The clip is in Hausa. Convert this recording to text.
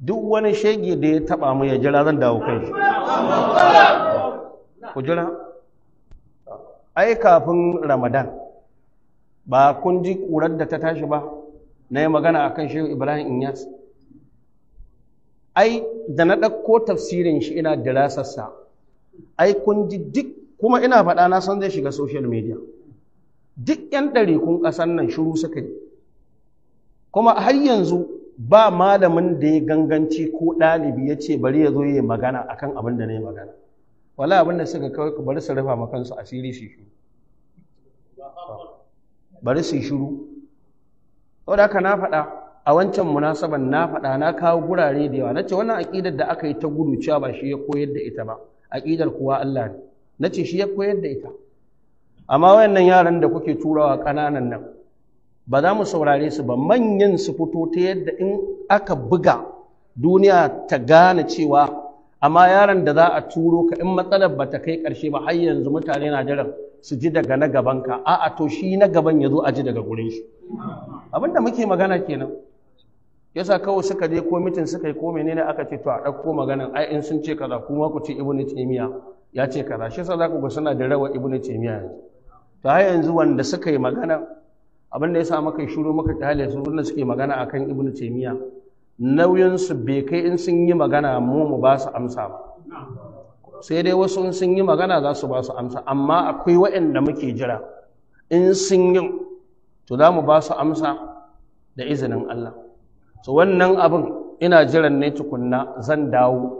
duk wani shege da ya taba mu ya jira zan dawo kai shi ku jira ai kafin ramadan ba kun ji ƙurar da ta tashi ba na yi magana akan shehu ibrahim inyas ai da na ɗauko tafsirin shi ina dirasarsa ai kun ji duk kuma ina faɗa na san zai shiga social media duk 'yan ɗarikun ƙasar nan shiru suka yi kuma har yanzu ba malamin da ya ganganci ko ɗalibi ya ce bari ya zo ya magana akan abin da na yi magana wala abin da suka kawai bari su rufa makansu asiri su shuru bari su shuru saboda aka na faɗa a wancan munasaban na faɗa na kawo gurare da yawa nace wannan aƙidar da aka yi ta gudu cewa ba shi ya koyar da ita ba aƙidar kuwa Allah ne nace shi ya koyar da ita amma wayannan yaran da kuke turawa ƙananan nan ba za mu saurare su ba manyan su fito ta yadda in aka buga duniya ta gane cewa amma yaron da za a turo ka in matsalar ba ta kai ƙarshe ba har yanzu mutane na jiran su ji daga na gaban ka a'a to shi na gaban ya zo a ji daga gurin shi abin da muke magana kenan yasa kawai suka je ko mitin suka yi ko menene aka ce to a ɗauko maganan ai in sun ce kaza kuma ku ce ibnu taymiya ya ce kaza shi yasa za ku ga suna da rawa ibnu taymiya yanzu to yanzu wanda suka yi magana abin da ya sa maka shiru maka kyale sun wurin suke magana kan ibn taymiya nauyin su bai kai in sun yi magana mu mu ba su amsa ba sai dai wasu in sun yi magana za su ba su amsa amma akwai waɗanda muke jira in sun yi to za mu ba su amsa da izinin Allah so wannan abin ina jiran ne tukunna zan dawo